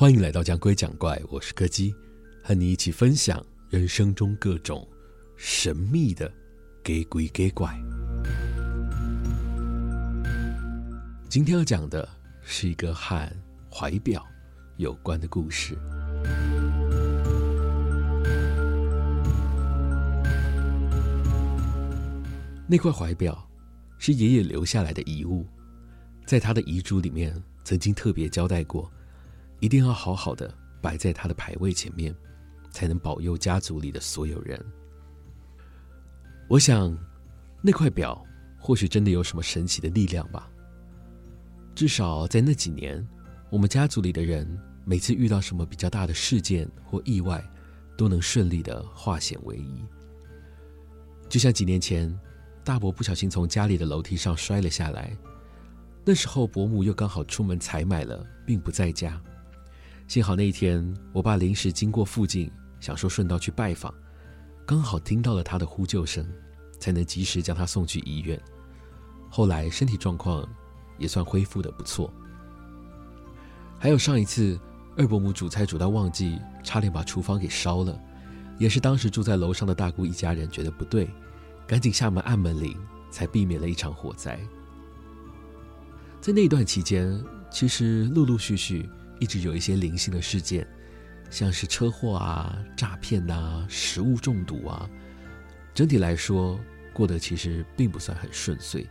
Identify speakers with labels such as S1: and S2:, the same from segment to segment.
S1: 歡迎來到《講鬼講怪》，我是柯基，和你一起分享人生中各種神秘的假鬼假怪。今天要講的是一個和懷錶有關的故事。那塊懷錶是爺爺留下來的遺物，在他的遺囑裡面曾經特別交代過。一定要好好的擺在他的牌位前面，才能保佑家族裡的所有人。我想，那塊表或許真的有什麼神奇的力量吧。至少在那幾年，我們家族裡的人每次遇到什麼比較大的事件或意外，都能順利的化險為夷。就像幾年前，大伯不小心從家裡的樓梯上摔了下來，那時候伯母又剛好出門採買了，並不在家。幸好那一天，我爸臨時經過附近，想說順道去拜訪，剛好聽到了他的呼救聲，才能及時將他送去醫院。後來身體狀況也算恢復得不錯。還有上一次，二伯母煮菜煮到忘記，差點把廚房給燒了，也是當時住在樓上的大姑一家人覺得不對，趕緊下門按門鈴，才避免了一場火災。在那段期間，其實陸陸續續。一直有一些零星的事件，像是車禍啊、詐騙吶、啊、食物中毒啊。整體來說，過得其實並不算很順遂。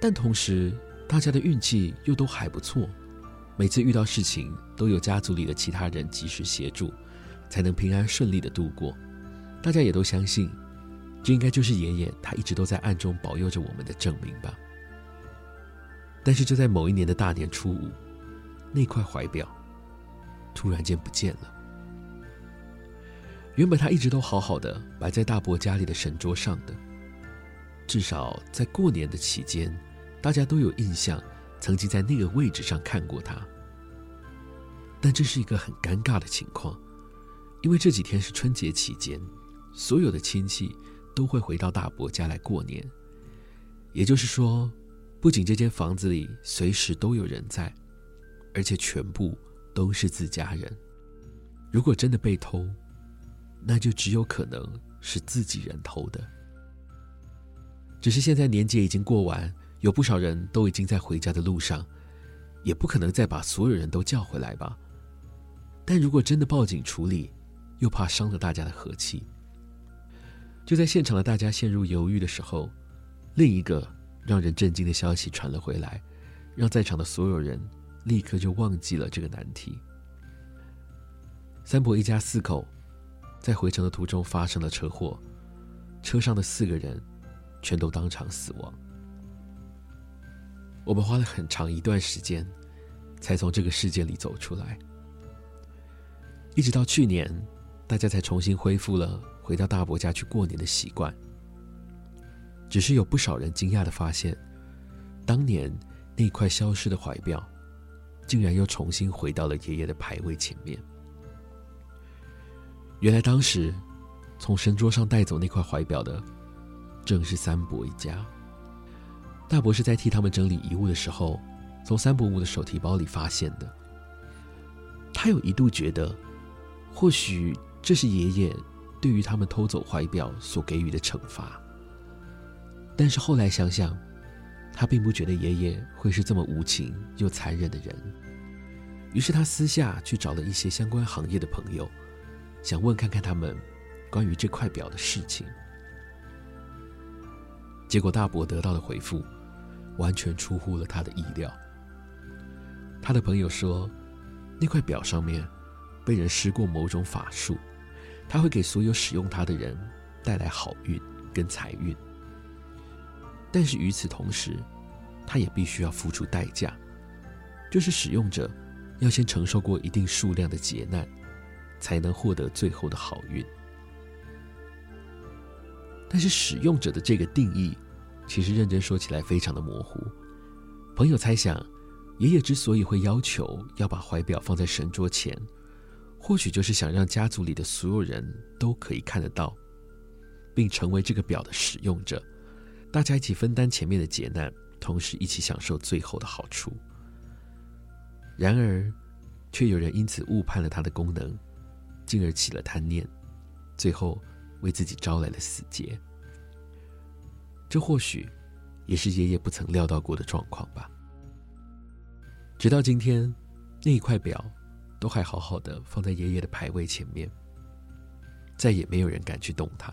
S1: 但同時，大家的運氣又都還不錯，每次遇到事情都有家族裡的其他人及時協助，才能平安順利的度過。大家也都相信，這應該就是爺爺他一直都在暗中保佑着我們的證明吧。但是就在某一年的大年初五。那塊懷錶突然間不見了。原本他一直都好好的擺在大伯家裡的神桌上的，的至少在過年的期間，大家都有印象，曾經在那個位置上看過他。但這是一個很尷尬的情況，因為這幾天是春節期間，所有的親戚都會回到大伯家來過年，也就是說，不僅這間房子裡隨時都有人在。而且全部都是自家人。如果真的被偷，那就只有可能是自己人偷的。只是現在年節已經過完，有不少人都已經在回家的路上，也不可能再把所有人都叫回來吧。但如果真的報警處理，又怕傷了大家的和氣。就在現場的大家陷入猶豫的時候，另一個讓人震驚的消息傳了回來，讓在場的所有人。立刻就忘記了這個難題。三伯一家四口在回程的途中發生了車禍，車上的四個人全都當場死亡。我們花了很長一段時間才從這個世界裡走出來，一直到去年，大家才重新恢復了回到大伯家去過年的習慣。只是有不少人驚訝的發現，當年那塊消失的懷表。竟然又重新回到了爺爺的牌位前面。原來當時，從神桌上帶走那塊懷錶的，正是三伯一家。大伯是在替他們整理遺物的時候，從三伯母的手提包裡發現的。他有一度覺得，或許這是爺爺對於他們偷走懷錶所給予的懲罰。但是後來想想，他並不覺得爺爺會是這麼無情又殘忍的人，於是他私下去找了一些相關行業的朋友，想問看看他們關於這塊表的事情。結果大伯得到的回覆，完全出乎了他的意料。他的朋友說，那塊表上面被人施過某種法術，它會給所有使用它的人帶來好運跟財運。但是與此同時，他也必須要付出代價，就是使用者要先承受過一定數量的劫難，才能獲得最後的好運。但是使用者的這個定義，其實認真說起來非常的模糊。朋友猜想，爺爺之所以會要求要把懷表放在神桌前，或許就是想讓家族裡的所有人都可以看得到，並成為這個表的使用者。大家一起分擔前面的劫難，同時一起享受最後的好處。然而，卻有人因此誤判了他的功能，進而起了貪念，最後為自己招來了死劫。這或許也是爺爺不曾料到過的狀況吧。直到今天，那一塊表都還好好的放在爺爺的牌位前面，再也沒有人敢去動它。